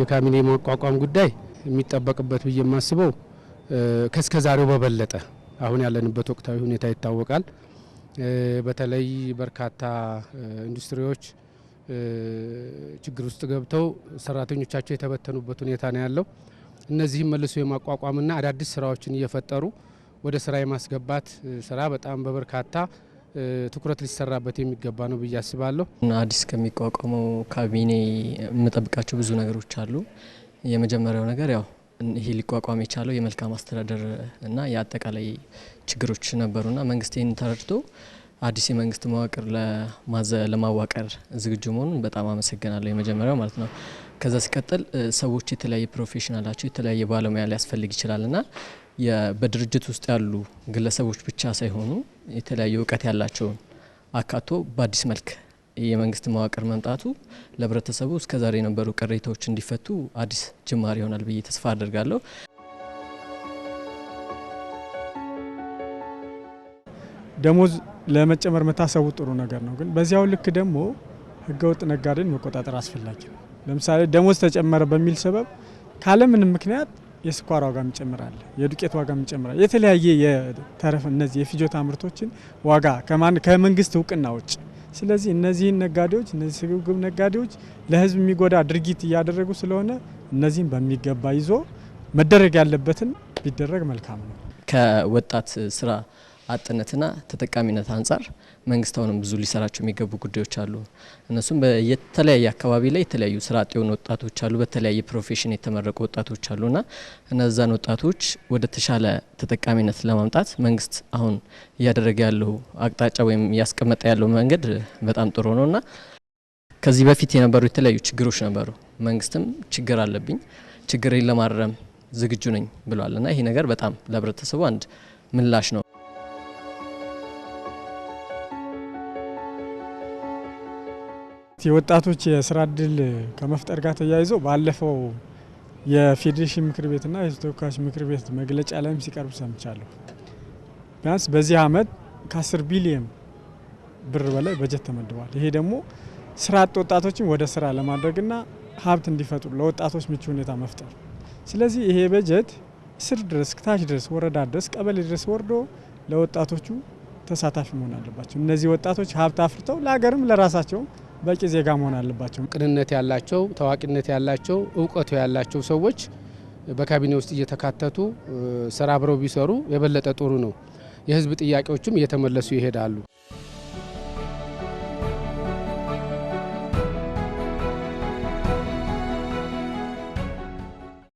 የካቢኔ ማቋቋም ጉዳይ የሚጠበቅበት ብዬ የማስበው ከእስከ ዛሬው በበለጠ አሁን ያለንበት ወቅታዊ ሁኔታ ይታወቃል። በተለይ በርካታ ኢንዱስትሪዎች ችግር ውስጥ ገብተው ሰራተኞቻቸው የተበተኑበት ሁኔታ ነው ያለው። እነዚህም መልሶ የማቋቋምና አዳዲስ ስራዎችን እየፈጠሩ ወደ ስራ የማስገባት ስራ በጣም በበርካታ ትኩረት ሊሰራበት የሚገባ ነው ብዬ አስባለሁ። አዲስ ከሚቋቋመው ካቢኔ የምጠብቃቸው ብዙ ነገሮች አሉ። የመጀመሪያው ነገር ያው ይሄ ሊቋቋም የቻለው የመልካም አስተዳደር እና የአጠቃላይ ችግሮች ነበሩና መንግስት ይህን ተረድቶ አዲስ የመንግስት መዋቅር ለማዋቀር ዝግጁ መሆኑን በጣም አመሰግናለሁ። የመጀመሪያው ማለት ነው። ከዛ ሲቀጥል ሰዎች የተለያየ ፕሮፌሽናላቸው የተለያየ ባለሙያ ሊያስፈልግ ይችላል ና። በድርጅት ውስጥ ያሉ ግለሰቦች ብቻ ሳይሆኑ የተለያዩ እውቀት ያላቸውን አካቶ በአዲስ መልክ የመንግስት መዋቅር መምጣቱ ለህብረተሰቡ እስከዛሬ የነበሩ ቅሬታዎች እንዲፈቱ አዲስ ጅማሬ ይሆናል ብዬ ተስፋ አድርጋለሁ። ደሞዝ ለመጨመር መታሰቡ ጥሩ ነገር ነው። ግን በዚያው ልክ ደግሞ ህገወጥ ነጋዴን መቆጣጠር አስፈላጊ ነው። ለምሳሌ ደሞዝ ተጨመረ በሚል ሰበብ ካለምንም ምክንያት የስኳር ዋጋም ይጨምራል፣ የዱቄት ዋጋም ይጨምራል። የተለያየ የተረፈ እነዚህ የፍጆታ ምርቶችን ዋጋ ከመንግስት እውቅና ውጭ ስለዚህ እነዚህን ነጋዴዎች እነዚህ ስግብግብ ነጋዴዎች ለህዝብ የሚጎዳ ድርጊት እያደረጉ ስለሆነ እነዚህን በሚገባ ይዞ መደረግ ያለበትን ቢደረግ መልካም ነው። ከወጣት ስራ አጥነትና ተጠቃሚነት አንጻር መንግስት አሁንም ብዙ ሊሰራቸው የሚገቡ ጉዳዮች አሉ። እነሱም የተለያየ አካባቢ ላይ የተለያዩ ስራ አጥ የሆኑ ወጣቶች አሉ፣ በተለያየ ፕሮፌሽን የተመረቁ ወጣቶች አሉና እነዛን ወጣቶች ወደ ተሻለ ተጠቃሚነት ለማምጣት መንግስት አሁን እያደረገ ያለው አቅጣጫ ወይም እያስቀመጠ ያለው መንገድ በጣም ጥሩ ነውና ከዚህ በፊት የነበሩ የተለያዩ ችግሮች ነበሩ። መንግስትም ችግር አለብኝ ችግሬን ለማረም ዝግጁ ነኝ ብሏል እና ይሄ ነገር በጣም ለህብረተሰቡ አንድ ምላሽ ነው። የወጣቶች የስራ እድል ከመፍጠር ጋር ተያይዞ ባለፈው የፌዴሬሽን ምክር ቤትና የህዝብ ተወካዮች ምክር ቤት መግለጫ ላይም ሲቀርብ ሰምቻለሁ። ቢያንስ በዚህ አመት ከ10 ቢሊየን ብር በላይ በጀት ተመድቧል። ይሄ ደግሞ ስራ አጥ ወጣቶችን ወደ ስራ ለማድረግና ሀብት እንዲፈጥሩ ለወጣቶች ምቹ ሁኔታ መፍጠር። ስለዚህ ይሄ በጀት ስር ድረስ ታች ድረስ ወረዳ ድረስ ቀበሌ ድረስ ወርዶ ለወጣቶቹ ተሳታፊ መሆን አለባቸው። እነዚህ ወጣቶች ሀብት አፍርተው ለሀገርም ለራሳቸውም በቂ ዜጋ መሆን አለባቸው። ቅንነት ያላቸው፣ ታዋቂነት ያላቸው፣ እውቀቱ ያላቸው ሰዎች በካቢኔ ውስጥ እየተካተቱ ስራ አብረው ቢሰሩ የበለጠ ጥሩ ነው። የህዝብ ጥያቄዎችም እየተመለሱ ይሄዳሉ።